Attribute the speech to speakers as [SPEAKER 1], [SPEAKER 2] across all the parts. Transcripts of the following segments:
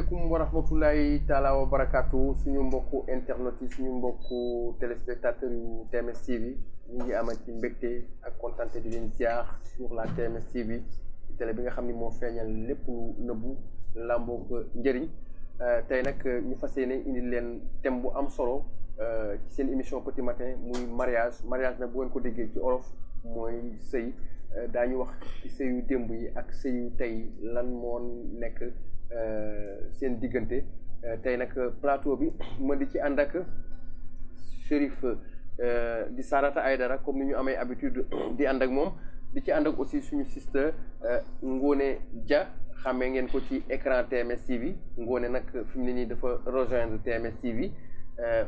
[SPEAKER 1] asalaamaaleykum wa rahmatullahi taala wa barakaatu suñu mbokku internet yi suñu mbokku téléspectateurs yu TMS TV ñu ngi amal ci mbégte ak kontaante di leen ziar sur la TMS TV tele bi nga xam ni moo feeñal lépp lu nëbbu làmboo ko njëriñ euh, tey nag euh, ñu fas ne indi leen thème bu am solo euh, ci seen émission petit matin muy mariage mariage nag bu ngeen ko déggee ci olof mooy sëy daañu wax ci sëyu démb yi ak sëyu tey lan moo nekk. Euh, seen diggante euh, tey nag euh, plateau bi ma di ci ànd ak Chérif di Sarata Aydara comme ni ñu amee habitude di ànd ak moom di ci ànd ak aussi suñu sister ngoone ja xamee ngeen ko ci écran TMS TV ngoone nag fi mu ne nii dafa rejoindre TMS TV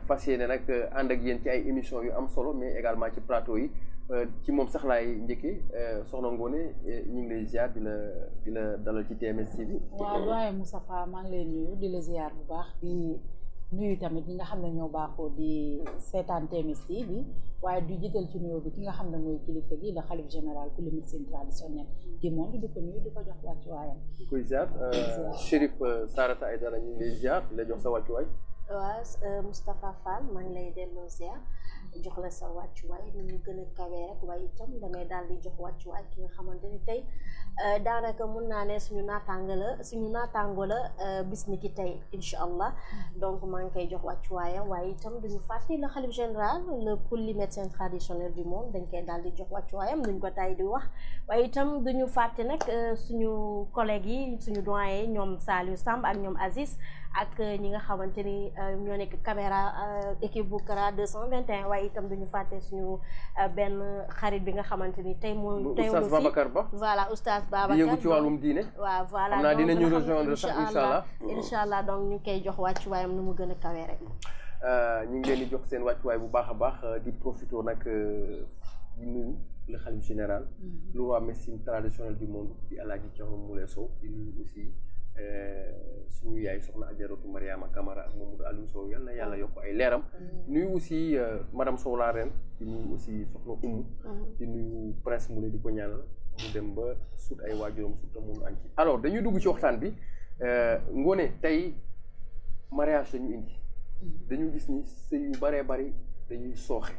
[SPEAKER 1] fas yéene nag ànd ak yéen ci ay émissions yu am solo mais également ci plateau yi. Euh, ci moom sax laay njëkkee euh, soxna Ngone euh, ñu ngi lay ziar di la di la dalal ci TMS TV. waaw doyen
[SPEAKER 2] Moustapha maa ngi lay nuyu bu baax di tamit ñi nga xam ne ñoo baaxoo di seetaan TMS TV bi waaye du jiital ci nuyoo ki nga xam ne mooy kilifa gi la xalif général ku li médecine traditionnelle di monde di ko nuyu di ko jox wàccuwaayam.
[SPEAKER 1] di la jox sa wàccuwaay.
[SPEAKER 3] maa ngi lay delloo ziar. jox la sa wàccuwaay nu mu gën a kawee rek waaye itam dangay daal di jox wàccuwaay ki nga xamante ni tey euh, daanaka mun naa ne suñu naataango la suñu naataango la euh, bis ni ki tey incha allah donc maa ngi koy jox wàccuwaayam waaye itam duñu fàtte la xalif général le pour les médecins traditionnels du monde dañ koy daal di jox wàccuwaayam duñ ko tay di wax waaye itam duñu fàtte nag euh, suñu collègues yi suñu doyen ñoom Saliou Samb ak ñoom Aziz ak ñi nga xamante ni euh, ñoo nekk caméra euh, équipe bu CRA 221 waaye itam duñu fàtte suñu euh, benn xarit bi nga xamante ni tey moo tey oustaz Babacar Ba voilà oustaz Babacar di yëngu ci wàllum diine waaw voilà dina naa dinañu rejoindre sax incha allah donc ñu koy jox wàccuwaayam nu mu gën a kawee rek
[SPEAKER 1] ñu ngi leen di jox seen wàccuwaay bu baax a baax di profité nag di nuyu le xalif général mm-hmm. le roi médecine traditionnel du monde di Alaaji Thierno Moule Sow di aussi Eh, suñu yaay soxna Ajaratu Mariama Camara ak Mamadou Aliou Sow yal na yàlla yokk ay leeram mm-hmm. nuyu aussi eh, madame Sow laa ren aussi soxna Umu mm-hmm. di nuyu prince mu ne di ko ñaanal mu dem ba sut ay waajuram sut a mun añ ci alors dañuy dugg ci waxtaan bi eh, Ngoné tey mariage dañu indi mm-hmm. dañu gis ni sëy yu baree bari dañuy sooxe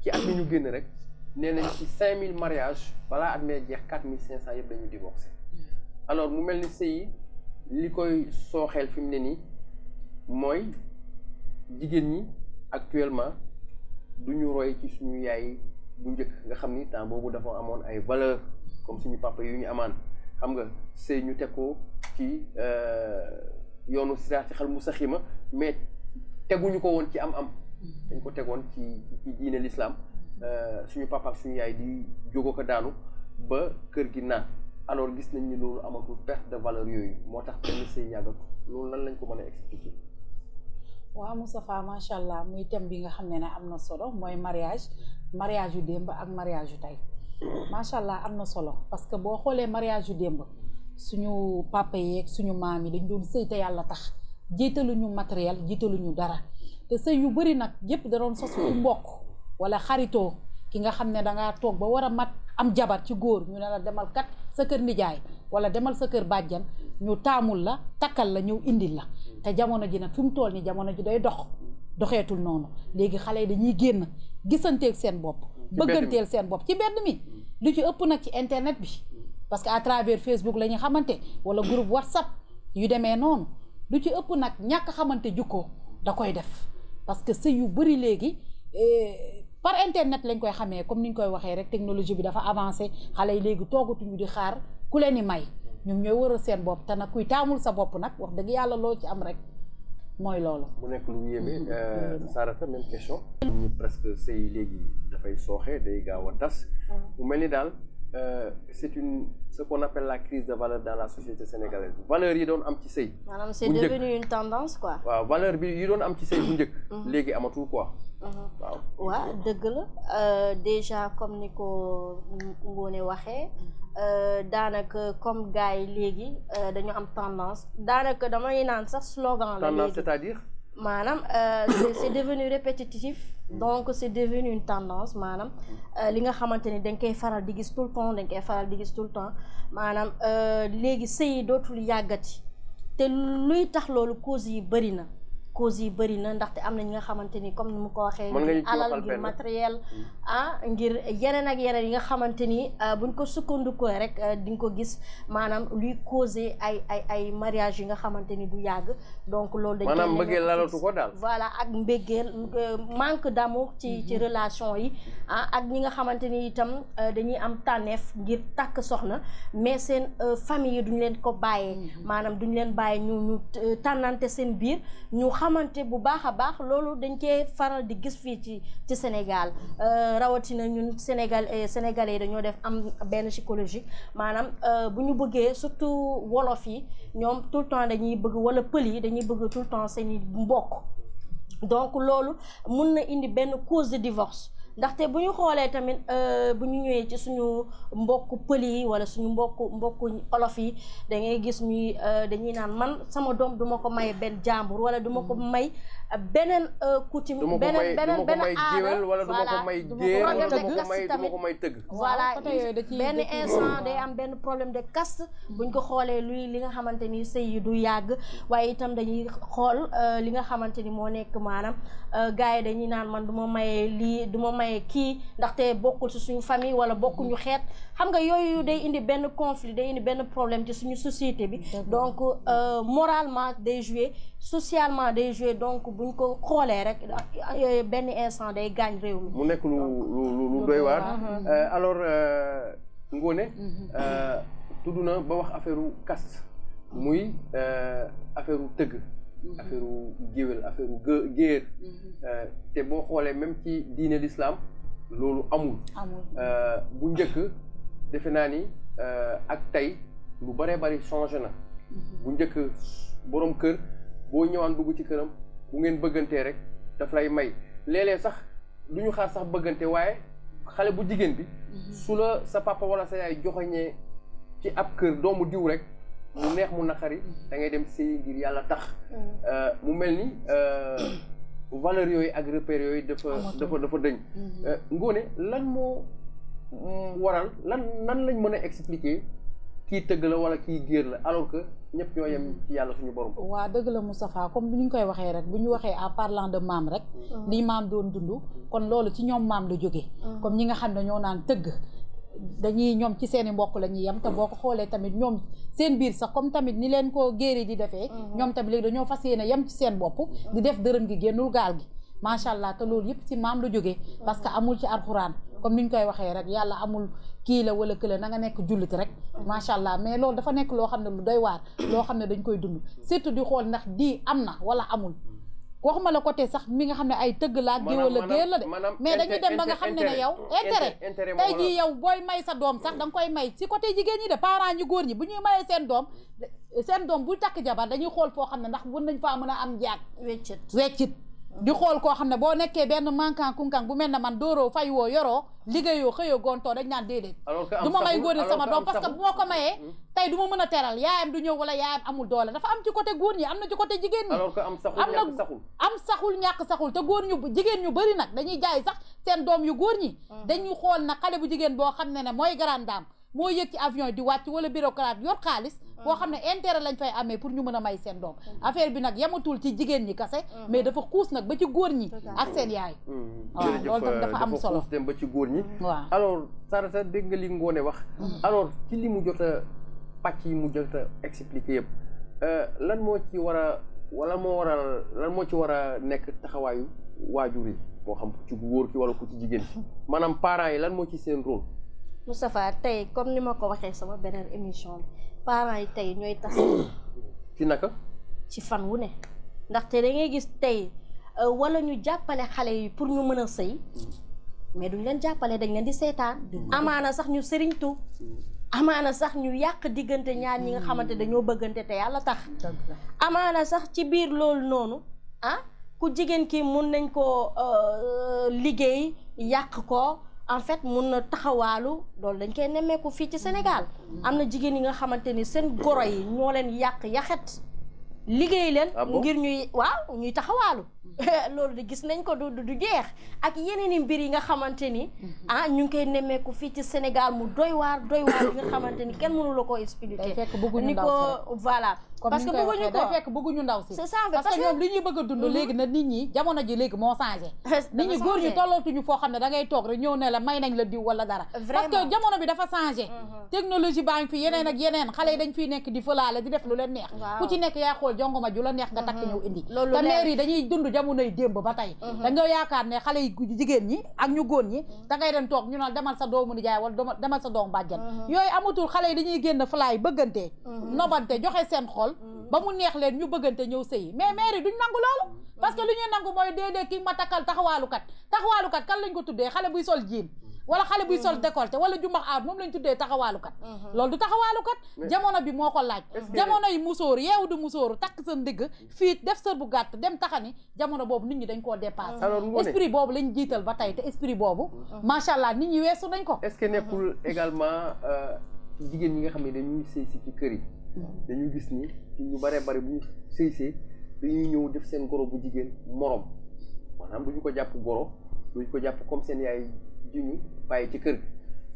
[SPEAKER 1] ci at mi ñu génn rek nee nañ ci cinq mille mariages balaa at mee jeex quatre mille cinq cent yëpp dañuy divorcé alors mu mel ni sëy li koy sooxeel fi mu ne nii mooy jigéen ñi actuellement du ñu roy ci suñu yaay bu njëkk nga xam ni temps boobu dafa amoon ay valeur comme suñu papa yu amaan xam nga sëy ñu teg ko ci euh, yoonu siraati xal mu saxima mais teguñu ko woon ci am-am dañ ko tegoon ci ci diine l'islam euh, suñu papa ak yaay di jógo ko daanu ba kër gi naan alors gis nañ ni loolu amagul perte de valeur yooyu moo tax benn sëy yàggatu loolu lan lañ ko mën a expliquer.
[SPEAKER 2] waaw Moustapha macha allah muy thème bi nga xam ne ne am na solo mooy mariage mariage yu démb ak mariage yu tey macha allah am na solo parce que boo xoolee mariage yu démb suñu papa yeeg suñu maam yi dañ doon sëy yàlla tax jiitaluñu matériel jiitaluñu dara te sëy yu bëri nag yépp da doon sos ku mbokk wala xaritoo ki nga xam ne dangaa toog ba war a mat am jabar ci góor ñu ne la sa kër nijaay wala demal sa kër bàjjan ñu taamul la takkal la ñëw indi la te jamono ji nag fi mu tool nii jamono ji day dox doxeetul noonu léegi xale yi dañuy génn gisanteeg seen bopp bëgganteel seen bopp ci mbedd mi mm. lu ci ëpp nag ci internet bi parce que à travers Facebook la ñuy xamante wala groupe WhatsApp yu demee noonu lu ci ëpp nag ñàkk xamante jukkoo da koy def parce que yu bëri léegi eh, par internet lañ koy xamee comme ni ñu koy waxee rek technologie bi dafa avancé xale yi léegi toogatuñu di xaar ku leen di may ñoom ñooy wëral seen bopp te nag kuy taamul sa bopp nag wax dëgg yàlla loo ci am rek
[SPEAKER 1] mooy loolu. mu nekk lu yéeme. Mm-hmm. Euh, mm-hmm. Sarata même question. ñu mm-hmm. presque sëy léegi dafay sooxee day gaaw a tas. mu mel ni daal. Euh, c'est une ce qu'on appelle la crise de valeur dans la société sénégalaise valeur yi doon am ci sëy
[SPEAKER 3] maanaam c'est devenu une tendance quoi
[SPEAKER 1] waaw valeur bi yi doon am ci sëy bu njëkk mhm. léegi amatul quoi mhm. waaw
[SPEAKER 3] waaw dëgg la euh, déjà comme ni ko Ngoné waxee euh, daanaka comme gars yi léegi euh, dañu am tendance daanaka damay naan sax slogan la léegi tendance c'est-à-dire maanaam c'est devenu répétitif donc c' est devenu une tendance maanaam euh, li nga xamante ni dañ koy faral di gis tout le temps dañ koy faral di gis tout le temps maanaam euh, léegi sëy dootul yàggati te luy tax loolu cause yi bëri na cause yi bëri na ndaxte am na ñi nga xamante comme ni mu ko waxee ngir alal ngir matériel hmm. ah, ngir yeneen ak yeneen yi nga xamante ni ah, buñ ko sukkandikoo rek ah, di nga ko gis maanaam luy causer ay ay ay mariage yi nga xamante ni du yàgg donc loolu dañ maanaam mbëggeel lalatu ko daal voilà ak mbëggeel euh, manque d'amour ci hmm. ci relation yi ah ak ñi nga xamante ni itam euh, dañuy am tànneef ngir takk soxna mais seen euh, famille du duñ leen ko bàyyee hmm. maanaam duñ leen bàyyee ñu ñu tànnante seen xamante bu baax a baax loolu dañ cee faral di gis fii ci ci Sénégal euh, rawatina ñun Sénégal euh, sénégalais dañoo def am benn psychologique maanaam euh, bu ñu bëggee surtout wolof yi ñoom tout le temps dañuy bëgg wala pël yi dañuy bëgg tout le temps seeni mbokk donc loolu mun na indi benn cause de divorce ndaxte bu ñu xoolee tamit euh, bu ñu ñëwee ci suñu mbokku pël yi wala suñu mbokk mbokku olof yi da ngay gis ñuy euh, dañuy naan man sama doom duma ko may benn jàmbur wala duma ko mm-hmm. may beneen euh, coutume. beneen beneen beneen aada wala du ma ko may géwél wala du ma ko may du ma ko may tëgg. voilà benn instant day am benn problème de caste buñ ko xoolee luy li nga xamante ni sëy yi du yàgg waaye itam dañuy xool euh, li nga xamante ni moo nekk maanaam euh, gars yi dañuy naan man du ma mayee lii du ma mayee kii ndaxte bokkul ci suñu famille wala bokkuñu mm-hmm. xeet xam nga yooyu day indi benn conflit day indi benn problème ci suñu société bi donc moralement day jouer socialement day jouer donc. buñ ko xoolee rek benn instant day gaañ réew mi. mu
[SPEAKER 1] nekk lu lu lu doy waar. Euh, alors euh, Ngone. Mm-hmm. Euh, tudd na ba wax affaire caste muy affaire tëgg. Mm-hmm. affaire géwél affaire gë géer. Mm-hmm. te boo xoolee même ci diine lislaam loolu amul. amul bu njëkk defe naa ni ak tey lu bare bari changé na. bu njëkk borom kër boo ñëwaan dugg ci këram bu ngeen bëggantee rek daf lay may léeg sax duñu ñu xaar sax bëggante waaye xale bu jigéen bi mhm. su la sa papa wala sa yaay joxoñee ci ab kër doomu diw rek mu neex mu naqari da ngay dem sëy ngir yàlla tax mhm. euh, mu mel ni euh, mhm. valeur yooyu ak repères yooyu dafa dafa dafa dëñ euh, Ngoné lan moo mm, waral lan nan lañ mën a expliquer kii tëgg la wala kii géer la alors que ñépp ñoo yem ci yàlla suñu borom.
[SPEAKER 2] waa dëgg la Moustapha comme ni ñu koy waxee rek bu ñu waxee en parlant de maam rek. Mm. li maam doon dund. kon loolu ci ñoom maam la jógee. Mm. comme ñi nga xam ñoo naan tëgg. dañuy ñoom ci seen i mbokk la ñuy yem te boo ko xoolee tamit ñoom seen biir sax comme tamit ni leen ko géeri di defee. Mm-hmm. ñoom tamit léegi dañoo fas yéene yem ci seen bopp. di def dërëm gi génnul gaal gi macha allah te loolu yëpp si maam la jógee. parce que amul ci alxuraan. comme ni ñu koy waxee rek yàlla amul kii la wala këla na nga nekk jullit rek macha allah mais loolu dafa nekk loo xam ne lu day waar loo xam ne dañ koy dund surtout di xool ndax di am na wala amul waxuma la côté sax mi nga xam ne ay tëgg laa gi wala géer la de mais dañuy dem ba nga xam ne ne yow intere tey jii yow booy may sa doom sax da nga koy may si côté jigéen ñi de parents ñu góor ñi bu ñuy mayee seen doom seen doom bu takk jabar dañuy xool foo xam ne ndax mën nañ faa mën a am njaag weccit weccit di xool koo xam ne boo nekkee benn mankan kunkan bu mel ne man dóoroo fay woo yoroo liggéeyoo xëyoo gontoo dañ naan déedéet
[SPEAKER 1] du ma may góone sama doom parce bu ma
[SPEAKER 2] ko mayee hmm. tey du ma mën a teral yaayam du ñëw wala yaayam amul doole dafa am ci côté góor ñi am na ci côté jigéen ñi am na am saxul ñàkk saxul te góor ñu jigéen ñu bëri nag dañuy jaay sax seen doom yu góor ñi hmm. dañuy xool na xale bu jigéen boo xam ne ne mooy grande dame moo yëg ci avion yi di wàcc wala bureaucrate yor xaalis ah. boo xam ne intérêt lañ fay amee pour ñu mën a may seen doom mm-hmm. affaire bi nag yamatul ci jigéen ñi kase mm-hmm. mais dafa xuus nag ba ci góor ñi ak seen yaay mm-hmm. waaw loolu tam dafa am
[SPEAKER 1] ba ci góor ñi waaw alors Sarata dégg nga li Ngoné wax alors ci li mu jot a pàcc yi mu jot a expliqué yëpp euh, lan moo ci war a wala moo war a lan moo ci war a nekk taxawaayu waajur yi moo xam ku ci góor ki wala ku ci jigéen maanaam parents yi lan moo ci seen rôle
[SPEAKER 3] Moustapha tey comme ni ma ko waxee sama beneen émission parent yi tey ñooy tas. ci naka. ci fan wu ne ndaxte da ngay gis tey euh, wala ñu jàppale xale yi pour ñu mën a sëy mais duñ leen jàppale dañ leen di seetaan. amaana sax ñu sëriñtu. amaana sax ñu yàq diggante ñaar ñi nga xamante dañoo bëggante te yàlla tax. amaana sax ci biir loolu noonu ah ku jigéen ki mun nañ koo euh, liggéey yàq ko. en fait mun na taxawaalu loolu dañ koy nemmeeku fii ci Sénégal am na jigéen yi nga xamante ni seen goro yi ñoo leen yàq yaxet liggéey leen ah ngir ñuy waaw ñuy taxawaalu loolu de gis nañ ko du du jeex ak yeneen i mbir yi nga xamante ni mhm. ah ñu ngi koy nemmeeku fii ci Sénégal mu doy waar doy waar kenn mënu la koo expliquer ni ko
[SPEAKER 2] voilà parce que bëgguñu ko day fekk bëgguñu ndaw si c'est ça parce que ñoom li ñuy bëgg a dund mhm. léegi nag nit ñi jamono ji léegi moo changé nit ñi góor ñi tollootuñu foo xam ne da ngay toog rek ñëw ne la may nañ la diw wala dara parce que jamono bi dafa changé mhm. technologie baa ngi fi yeneen ak yeneen xale yi dañ fiy nekk di fëlaale di def lu leen neex ku ci nekk takkoo jongoma ju la neex nga takk mhm. ñëw indi te maire dañuy dund jamonoy démb ba tey mhm. da nga yaakaar ne xale yi jigéen ñi ak ñu góor ñi mhm. da ngay dem toog ñu naan demal sa doomu nijaay wala demal sa doom bàjjan yooyu amatul xale yi dañuy génn fly bëggante nobante joxe seen xol ba mu neex leen ñu bëggante ñëw sëyi mais maire yi duñ nangu loolu parce que lu ñuy nangu mooy déedéet ki ma takkal taxawaalukat taxawaalukat kan lañ ko tuddee xale buy sol jiin wala xale buy sol mhm. décolleté wala jumbax aat moom lañ tuddee taxawaalukat mhm. loolu du taxawaalukat jamono bi moo ko laaj jamono yi musóor yeewu du musóoru takk sa dëgg fii def sër bu gàtt dem taxani jamono boobu nit ñi dañ koo dépassé esprit boobu lañ jiital ba tey te esprit boobu mhm. macha allah nit ñi weesu nañ ko est-ce que nekkul
[SPEAKER 1] également euh, jigéen ñi nga xam ne dañuy sëy si ci kër yi dañuy gis ni ñu bëree bëri bu ñu sëy see dañuy ñëw def seen goro bu jigéen moroom maanaam duñu ko jàpp goro duñu ko jàpp comme seen yaay ji ñu bàyyi ci kër gi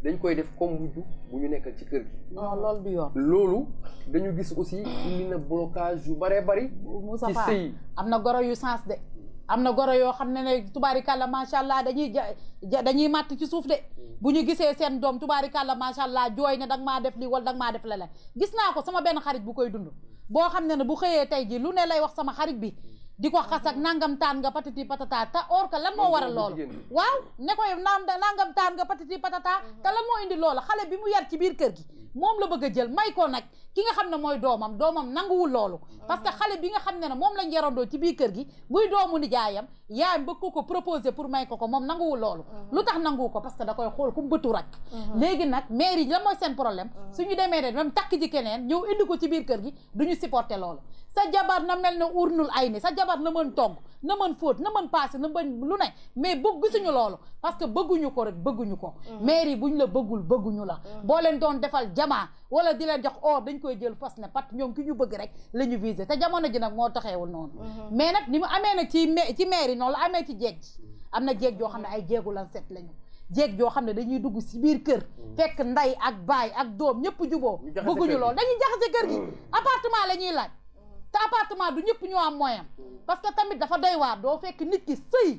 [SPEAKER 1] dañ koy def comme wujju bu ñu nekkal ci kër gi. non oh, loolu du yoon. loolu dañu gis aussi indi na blocage yu bare bari. ci sëy
[SPEAKER 2] am na goro yu sens de. am na goro yoo xam ne ne tubaarikàlla macha allah dañuy ja dañuy màtt ci suuf de bu ñu gisee seen doom tubaarikàlla macha allah jooy ne danga maa def lii wala danga maa def la la gis naa ko sama benn xarit bu koy dund boo xam ne ne bu xëyee tey ji lu ne lay wax sama xarit bi di ko xas ak nangam nga patati patata te or que lan moo waral loolu waaw ne ko naam nangam taan nga patati patata mhm. te lan moo indi loolu xale bi mu yar ci biir kër gi moom la bëgg a jël may ko nag ki nga xam ne mooy doomam doomam nanguwul loolu ah. parce que xale bi nga xam ne ne moom lañ yarandoo ci biir kër gi muy doomu nijaayam yaayam bëgg ko ko proposé pour may ko ko moom nanguwul loolu ah. lu tax nanguwu ko parce que da koy xool ku bëtu rak ah. léegi nag mairie la mooy seen problème suñu demee ne même takk ji keneen ñëw indi ko ci biir kër gi duñu supporter loolu sa jabar na mel ne urnul ay ni sa jabar na mën togg na mën fóot na mën paase na mën lu ne mais bëgg gisuñu loolu parce que bëgguñu ko rek bëgguñu ko mm. mairie buñ la bëggul bëgguñu la mm. boo leen doon defal jamaa wala di leen jox or dañ koy jël fas ne pat ñoom ki ñu bëgg rek la ñu te jamono ji nag moo taxeewul noonu mm-hmm. mais nag ni mu amee nag ci ci mairie noonu la amee ci jeej am na jeeg joo xam ne ay jeegu lan set lañu jéeg joo xam ne dañuy dugg si biir kër mm. fekk nday ak baay ak doom ñëpp juboo bëgguñu loolu dañuy jaxase kër la ñuy laaj te appartement du ñëpp ñoo am moyen parce que tamit dafa doy waar doo fekk nit ki sëy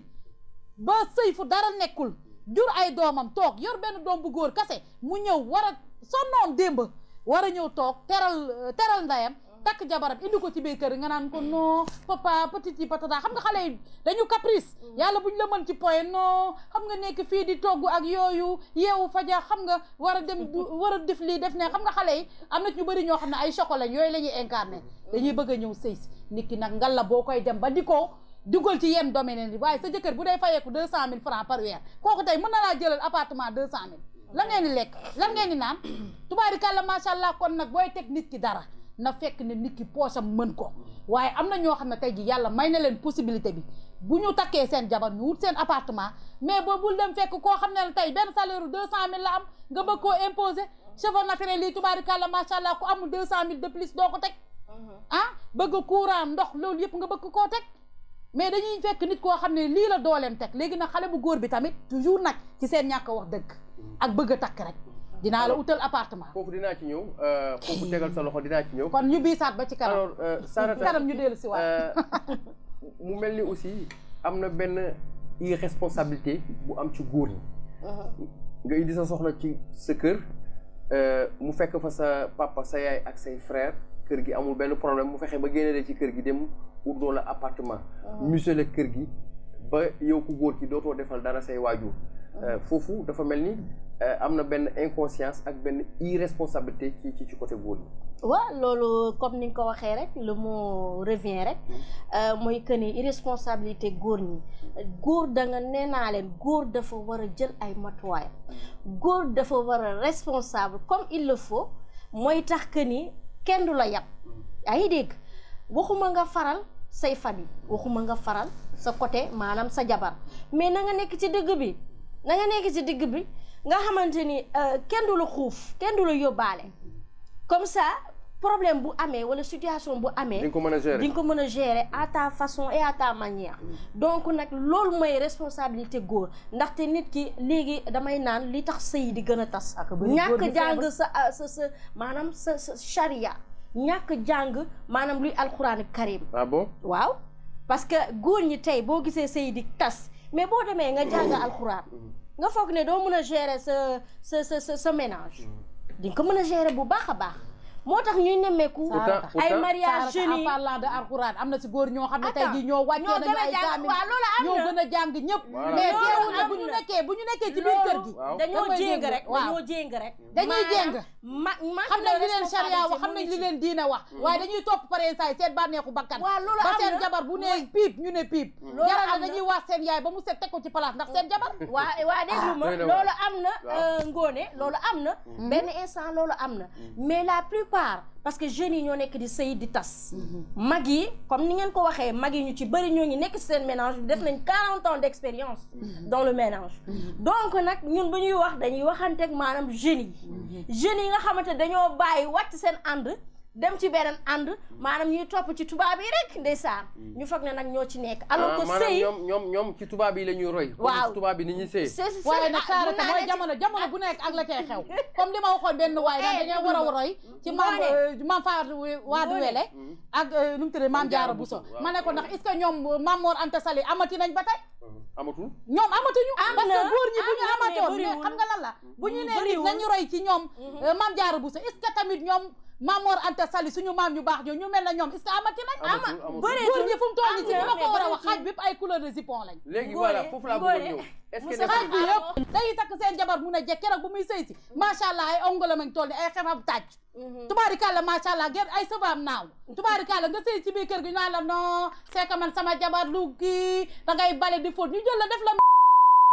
[SPEAKER 2] ba sëy fu dara nekkul jur ay doomam toog yor benn doom bu góor kase mu ñëw war a sonnoon démb war a ñëw toog teral teral ndeyam takk jabaram indi ko ci biir kër nga naan ko non papa petit yi patata xam nga xale yi dañu caprice mm. yàlla buñ la mën ci point non xam nga nekk fii di togg ak yooyu yeewu faja xam nga war a dem war a def lii def ne xam nga xale yi am na ñu bari ñoo xam ne ay chocolat yooyu la ñuy incarné mm. dañuy bëgg a ñëw sëy si nit ki nag la boo koy dem ba di ko dugal ci yenn domaine yi waaye sa jëkkër bu day fayeeku deux cent mille francs par weer kooku tey mën na laa jëlal appartement deux cent mille lan ngeen di lekk lan ngeen di naan tubaarikàlla macha allah kon nag booy teg nit ki dara na fekk ne nit ki poosam mën ko waaye am na ñoo xam ne tey ji yàlla may na leen possibilité bi bu ñu takkee seen jabar ñu wut seen appartement mais boobu bul dem fekk koo xam ne tey benn salaire deux cent mille la am nga bëgg koo imposer cheveux naturel yi tubaarikàlla macha allah ku amul deux cent mill de plus doo ko teg uh-huh. ah bëgg courant ndox loolu yëpp nga bëgg koo teg mais dañuy fekk nit koo xam ne lii la dooleem teg léegi nag xale bu góor bi tamit toujours nag ci seen ñàkk wax dëgg ak bëgg takk rek dinaa la utal appartement. foofu dinaa ci ñëw euh, foofu
[SPEAKER 1] tegal sa loxo dinaa ci ñëw. kon
[SPEAKER 2] ñu biisaat ba ci kanam alors euh, Sarata kanam ñu dellu si waat. Euh,
[SPEAKER 1] mu mel ni aussi am na benn irresponsabilité bu am ci góor ñi. Uh-huh. nga indi sa soxla ci sa kër mu fekk fa sa papa sa yaay ak say frère kër gi amul benn problème mu fexe ba génne ci kër gi dem ut doo uh-huh. la appartement. musele kër gi ba yow ku góor ki dootoo defal dara say waajur. Uh-huh. foofu dafa mel ni. Euh, am na benn inconscience ak benn irresponsabilité ci ci ci côté góor ñi.
[SPEAKER 3] waaw loolu comme ni nga ko waxee rek le mot revient rek mm-hmm. euh, mooy que ni irresponsabilité góor ñi góor danga nga nee naa leen góor dafa war a jël ay matuwaay mm-hmm. góor dafa war a responsable comme il faut mooy tax que ni kenn du la yab. Mm-hmm. yaa ngi dégg waxuma nga faral say yi waxuma nga faral sa côté maanaam sa jabar mais na nga nekk ci dëgg bi. da nga nekk si digg bi nga xamante ni euh, kenn du la xuuf kenn du la yóbbaale comme ça problème bu amee wala situation bu amee. di nga ko mën a gérer di ko mën a gérer à ta façon et à ta mm. donc nag loolu mooy responsabilité góor ndaxte nit ki léegi damay naan li tax sëy di gën a tas. ak ñàkk jàng sa ah, sa sa maanaam sa sa charia ñàkk jàng maanaam luy alxuraan karim. Ah waaw parce que góor ñi tey boo gisee sëy di tas. mais boo demee nga jàng alxuraan nga foog ne doo mën a gérer sa sa sa sa ménage mm. di nga ko mën a gérer bu baax a baax moo tax ñuy nemmeeku. ay mariage jeunes yi en
[SPEAKER 2] parlant de alxuraan am na si góor ñoo xam ne tey jii ñoo wàccee nañu ay kaamil ñoo a jàng ñëpp. mais teewul bu ñu nekkee bu ñu nekkee ci biir kër gi. dañoo jéng rek dañoo jéng rek. dañuy jéng ma ma xam nañ li leen charia wax xam nañ li leen diina wax. waaye dañuy topp pareen saay seen bànneexu bakkan. ba seen jabar bu nee piip ñu ne piip. loolu am na dañuy wax seen yaay ba mu set ko ci place ndax seen jabar. waaw waaw déglu ma ah, loolu am na euh,
[SPEAKER 3] ngóone loolu am na mm-hmm. benn instant loolu am na mm-hmm. mais la plupart part parce que jeunes yi ñoo nekk di sëy di tas. Mhm. mag yi comme ni ngeen ko waxee mag yi ñu ci bëri ñoo ngi nekk seen ménage def nañ 40 ans d' expérience. Mhm. dans le ménage. Mhm. donc nag ñun bu ñuy wax dañuy waxanteeg maanaam jeunes yi. jeunes yi nga xamante dañoo bàyyi wàcc seen ànd. dem ci beneen ànd maanaam ñuy topp ci tubaab yi rek ndeysaan mm. ñu foog na nag ñoo ci nekk alors ah, que sëy
[SPEAKER 1] ñoom ñoom ci tubaab yi la ñuy roy waaw tubaab na ni ñuy sëy
[SPEAKER 2] waaye nag ah, saarata bu nekk ak la cay xew comme li ma waxoon benn waay nag eh, dañoo a roy ci euh, mm. euh, maam maam Fawade Wade Wele ak nu mu tuddee maam ma ne ko ndax est-ce que ñoom maam Mor Anta nañ ba tey uh-huh. amatul ñoom amatuñu parce que góor ñi mm-hmm. ci ñoom maam Jaara Buso est-ce que tamit ñoom Mamor Anta Sali suñu maam ñu baax ñu mel na ñoom est-ce que amati nañ. amatul amatul góor ñi fu mu toll ko war a wax xaaj bi yëpp ay couleur de jupon lañ. léegi voilà foofu laa bëggoon ñëw. xaaj bi yëpp ah. dañuy takk seen jabar mun a jekk keroog bu muy sëy si macha allah ay ongolam tool yi ay xefam tàcc. Mhm. tubaarikàlla macha allah gerte ay sëbaam naaw. tubaarikàlla nga sëy ci biir kër gi ñu naan la non c'est que man sama jabar lu kii da ngay bale di fóot ñu jël la def la.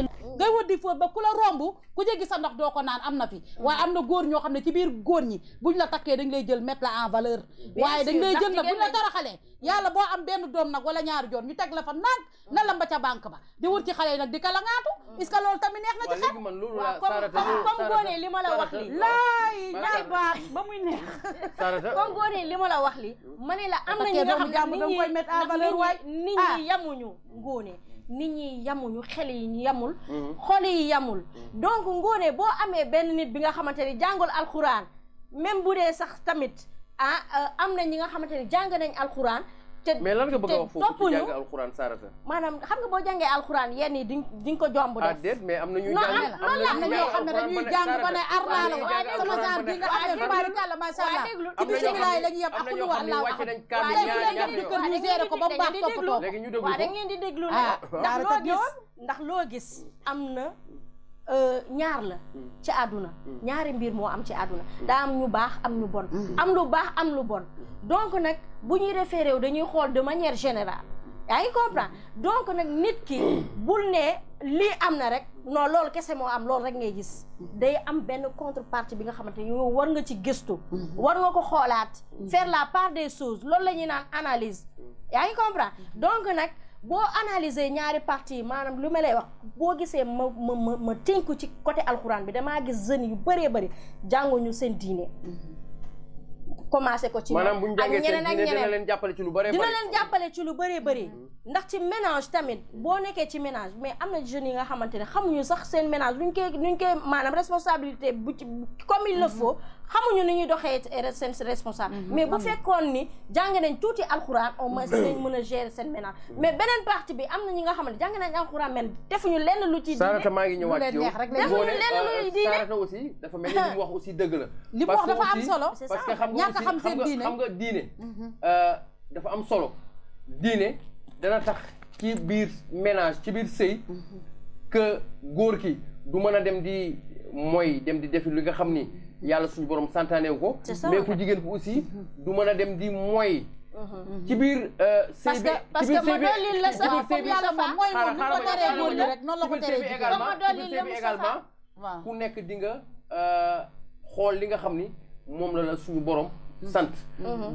[SPEAKER 2] ngay wër di fóot ba ku la romb ku jéggi sa ndox doo ko naan am na fi mm. waaye am na góor ñoo xam ne ci biir góor ñi bu ñu la takkee dañ lay jël mettre la en valeur waaye dañ lay jël nag buñ la toroxalee mm. yàlla boo am benn doom nag wala ñaari joon ñu teg la fa naag mm. na la mba ca banque ba di wër ci xale di ka la ngaatu est-ce que loolu tamit neex na ci xel li ma la wax li laay ñaay baax ba muy neex comme góone li ma la
[SPEAKER 3] wax li ma ne la am na ñi nga xam ne nit ñi yamuñu ah. góone nit ñi yamuñu xel yi yamul mm-hmm. xol yi yamul mm-hmm. donc ngoone boo amee benn nit bi nga xamante ni jàngul alxuraan même bu dee sax tamit ah euh, am na ñi nga xamante ni jàng nañ alxuraan te mais lan a maanaam xam nga boo jàngee alxuraan yenn yi ko jomb def ah déet na ñuy xam ne dañuy jàng ba ne ar laa la sama genre la ñuy yem ak lu ñu gérer ko ba ko léegi ñu déglu ko waaw da ngeen di ndax loo ah, gis ndax loo gis am na Euh, ñaar la ci àdduna hmm. Hmm. ñaari mbir moo am ci àdduna hmm. daa am ñu baax am ñu bon am lu baax am lu bon donc nag bu ñuy référé wu dañuy xool de manière général yaa ngi comprendre donc nag nit ki bul nee lii am na rek non lool kese moo am loolu rek ngay gis day am benn contrepartie bi nga xamante ni war nga ci gëstu war nga ko xoolaat faire la part des choses loolu la ñuy naan analyse yaa ngi comprendre donc nag boo analyser ñaari parti yi maanaam lu ma lay wax boo gisee ma ma ma ma tënku ci côté alxuraan bi damaa gis jeunes yu bëree bëri ñu seen diine. commencé ko ci maanaam bu ñu jàngee seen diine dina leen
[SPEAKER 1] jàppale ci lu bëree bëri dina
[SPEAKER 3] ci lu bëree bëri. ndax ci ménage tamit boo nekkee ci ménage mais am na jeunes yi nga xamante ne xamuñu sax seen ménage luñ koy luñ koy maanaam responsabilité bu ci comme il le faut. Mm-hmm. xamuñu ni ñuy doxee seen responsable mhm. mais bu fekkoon ni jàng nañ tuuti alxuraan au moins dinañ mën a gérer seen ménage mhm. mais beneen partie bi am na ñi nga xam ne jàng nañ alxuraan men defuñu lenn lu ci diine Sarata maa ngi ñëw ci yow defuñu lenn lu euh, diine
[SPEAKER 1] Sarata aussi dafa mel ni li mu wax aussi dëgg la li mu wax dafa am solo parce que xam nga ñàkk diine mhm. euh, dafa am solo diine dana tax ci biir ménage ci biir sëy que góor ki du mën a dem di mooy dem di def li nga xam ni yàlla suñu borom santaanewu ko mais ku jigéen ku aussi du mën a dem di mooy
[SPEAKER 2] mm-hmm. ci
[SPEAKER 1] biir sëy euh, bi parce que ma dollil la sa
[SPEAKER 2] comme yàlla moom mooy
[SPEAKER 3] moom ni ko teree góor ñi rek noonu la ko teree jigéen ma dollil la mu également
[SPEAKER 1] ku nekk di nga euh, xool li nga xam ni moom la la suñu borom sant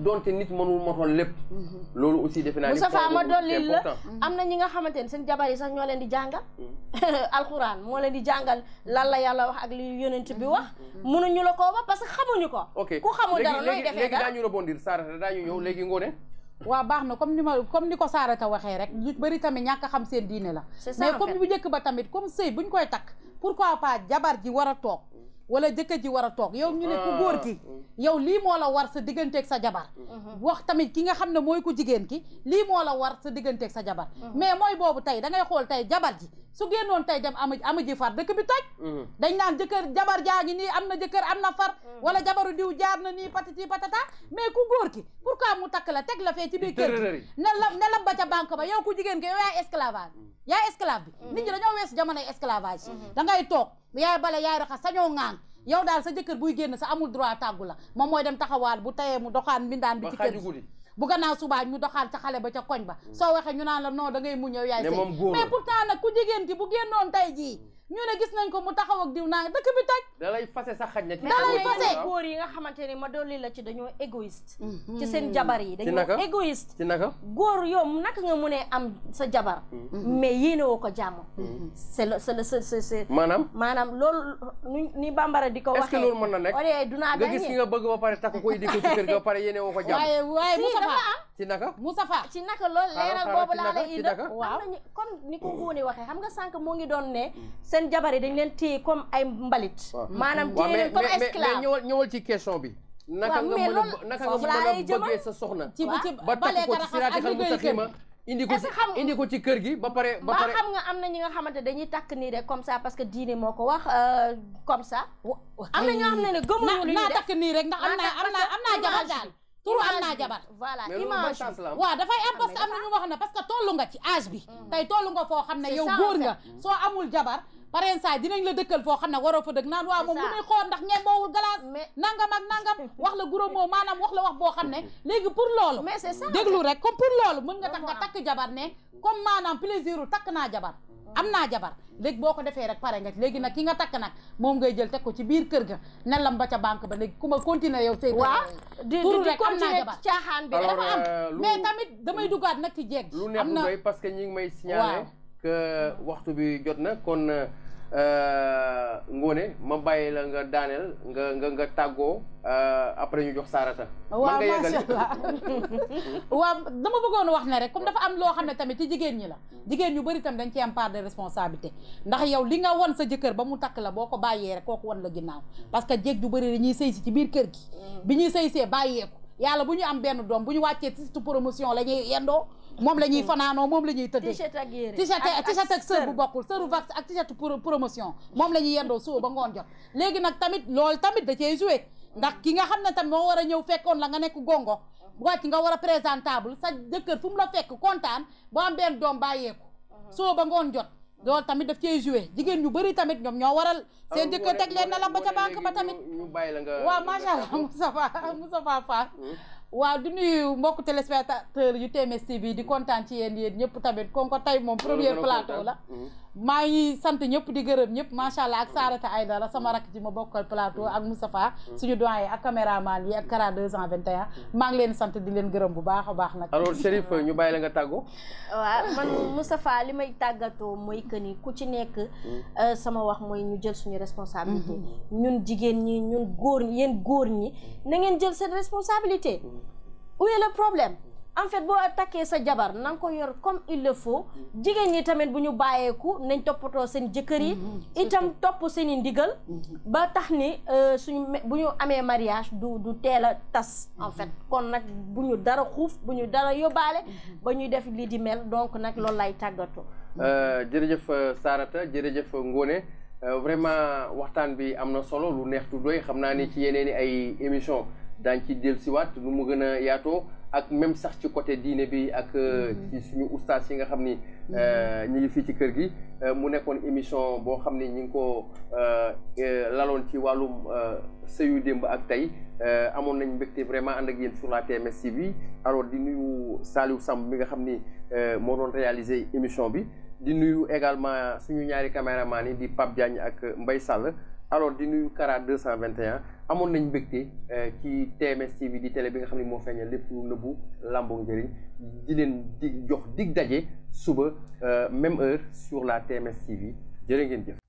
[SPEAKER 1] donte nit mënul motoon lépp loolu aussi defe naa Moustapha ma dolli la
[SPEAKER 3] am na ñi nga xamante ne seen jabar yi sax ñoo leen di jàngal mm. alxuraan moo leen di jàngal lan la yàlla wax ak li yonent bi wax
[SPEAKER 2] mënuñu la koo
[SPEAKER 3] ba parce que xamuñu ko
[SPEAKER 1] ok ku xamul dara nooy defee dara léegi daañu rebondir Sarata daañu ñëw léegi ngoone
[SPEAKER 2] waaw baax na comme ni ma comme ni ko Sarata waxee rek ñu bëri tamit ñàkk xam seen diine la mais comme bu njëkk ba tamit comme sëy ñu koy takk pourquoi pas jabar ji war a toog mm. wala jëkkër ji war a toog yow ñu ne ku góor gi ah, ah. yow lii moo la war sa digganteeg sa jabar mhm. wax tamit ki nga xam ne mooy ku jigéen ki lii moo la war sa digganteeg sa jabar mhm. mais mooy boobu tey da xool tey jabar ji su génnoon tey dem ama ama ji far dëkk bi toj mm-hmm. dañ naan jëkkër jabar jaa ngi nii am na jëkkër am na far mm-hmm. wala jabaru diw jaar na nii patati patata mais ku góor ki pourquoi mu takk la teg la fee ci biir kër ne la ne la ba ca banque ba yow ku jigéen ki yow yaay esclavage mm-hmm. yaay esclave bi nit ñi dañoo weesu jamonoy esclavage da ngay toog yaay bale yaay raxas sañoo ŋaang yow daal sa jëkkër buy génn sa amul droit tàggu la moom mooy dem taxawaal bu tayee mu doxaan mbindaan bi ci kër bu gannaaw subaa ñu doxaat ca xale ba ca koñ ba mm. soo waxee ñu naan la non da ngay ñëw yow yaay sëy mais pourtant ku jigéen ki bu génnoon tey jii ñu ne gis nañ ko mu taxaw ak diw naa dëkk bi toj
[SPEAKER 1] da fase sax xaj na ci da lay fase
[SPEAKER 2] góor yi nga xamante ni ma dolli
[SPEAKER 3] la ci dañoo égoïste mm-hmm. ci seen jabar yi dañoo égoïste ci naka góor yow naka nga mënee am sa jabar mm-hmm. mais yéene woo ko jàmm mm-hmm. se le c'est le c'est maanaam maanaam loolu ni bambara di ko waxee est-ce que loolu mën na nekk wala oh, nga gis ki nga
[SPEAKER 1] bëgg ba pare takk ko indi ko ci kër gi ba pare yéene woo ko jàmm waaye
[SPEAKER 3] waaye Moustapha ci naka Moustapha ci naka loolu leeral boobu laa lay indi waaw comme ni ko ngóone waxee xam nga sànq moo ngi doon ne mm. seen jabar yi dañ leen téye comme ay mbalit maanaam téye comme esclave
[SPEAKER 1] ñëwal bi naka nga a naka nga mën a ba takk
[SPEAKER 3] ko nga am na ñi nga xamante dañuy takk nii rek comme ça parce que diine moo ko wax euh, comme ça
[SPEAKER 2] am na ñoo xam ne ne gëmuñu lu ñuy def naa takk nii rek ndax am naa am naa am naa jabar parce que na ñu wax ne tollu nga ci âge bi mm. tey tollu nga foo xam ne yow góor mm. soo amul jabar pareen saay dinañ la dëkkal foo xam ne waroo fa dëkk naan waaw moom lu muy xool ndax ngeen boowul galaas nangam ak nangam wax la guro moo maanaam wax la wax boo xam ne léegi pour loolu déglu rek comme pour loolu mën nga tax nga takk jabar ne comme maanaam plaisir u takk naa jabar oh. am naa jabar léegi boo ko defee rek pare nga léegi nag ki nga takk nag moom ngay jël teg ko ci biir kër ga nelam ba ca banque ba léegi ku ma continuer yow say waaw di di rek am naa jabar caaxaan bi dafa am euh, mais tamit damay duggaat nag ci jeeg lu neex doy
[SPEAKER 1] parce que ñi ngi may signaler que euh, waxtu bi jot na kon euh, Ngone ma bàyyi la nga daaneel nga nga nga tàggoo euh, après ñu jox Sarata. waaw macha allah
[SPEAKER 2] waaw dama bëggoon wax na rek comme dafa am loo xam ne tamit ci jigéen ñi la. jigéen ñu bari tam dañ ci am part de responsabilité ndax yow li nga wan sa jëkkër ba mu takk la boo ko bàyyee rek kooku wan la ginnaaw parce que jéeg ju bari dañuy sëy si ci biir kër gi. Mm. bi ñuy sëy see bàyyeeku. yàlla bu ñu am benn doom bu ñu wàccee titre promotion la ñuy yendoo moom la ñuy fanaanoo moom la ñuy tëddee t-shirt ak yére t-shirt ak sër bu bokkul sëru vax ak t-shirt promotion moom la ñuy yendoo suba ba ngoon jot léegi nag tamit loolu tamit da cee joué ndax ki nga xam ne tamit moo war a ñëw fekkoon la nga nekk gongo wàcc nga war a présentable sa jëkkër fu mu la fekk kontaan boo am benn doom bàyyeeku soo ba ngoon jot loolu tamit daf cee joué jigéen ñu bëri tamit ñoom ñoo waral seen ah, jëkkër teg leen na la ba ca banque ba tamit
[SPEAKER 1] waaw macha allah
[SPEAKER 2] Moustapha Moustapha Fall hmm? waaw du nuy mbokku téléspectateur yu TMS TV bi di kontaan ci yéen yéen ñëpp tamit kon ko tey moom premier plateau la hmm? maa ngi sant ñëpp di gërëm ñëpp macha allah ak ay Aydara sama rakk ji ma bokkal plateau ak Moustapha suñu doyen ak caméraman yi ak Kara 221 maa ngi leen sant di leen gërëm bu baax a baax nag. alors Chérif
[SPEAKER 1] ñu bàyyi la nga tàggoo.
[SPEAKER 2] waa man Moustapha li may
[SPEAKER 3] tàggatoo mooy que ni ku ci nekk. Hmm. Euh, sama wax mooy ñu jël suñu responsabilité. Hmm. ñun jigéen ñi ñun góor ñi yéen góor ñi na ngeen jël seen responsabilité. Hmm. où est problème. en fait boo takkee sa jabar na ko yor comme il faut jigéen ñi tamit bu ñu bàyyeeku nañ toppatoo seen jëkkër yi mm-hmm. itam topp seen ndigal mm-hmm. ba tax ni euh, suñu bu ñu amee mariage du du teel a tas en mm-hmm. fait kon nag bu ñu dara xuuf bu ñu dara yóbbaale ba ñuy def lii di mel donc nag loolu lay tàggatoo
[SPEAKER 1] euh, jërëjëf euh, Sarata jërëjëf Ngone vraiment waxtaan bi am na solo lu neex tu xam naa ni ci yeneen i ay émission daañ ci dellusiwaat nu mu gën a yaatoo ak même sax ci côté diine bi ak euh, mm-hmm. ci suñu ustaas yi nga xam ni mm-hmm. euh, ñu ngi fii ci kër gi euh, mu nekkoon émission boo xam ni ñu ngi ko laloon ci wàllum sëyu démb ak tey amoon nañ mbégte vraiment ànd ak yéen sur la TMS TV alors di nuyu Saliou Samb mi nga xam ni moo doon réaliser émission bi di nuyu également suñu ñaari caméraman yi di Pape Diagne ak mbay Sall alors di nuyu Kara 221 amoon nañ mbégte eh, ci TMS TV di télé bi nga xam ne moo feeñal lépp lu nëbbu làmboo njëriñ di leen di jox dig daje suba eh, même heure sur la TMS TV jërë ngeen jëf.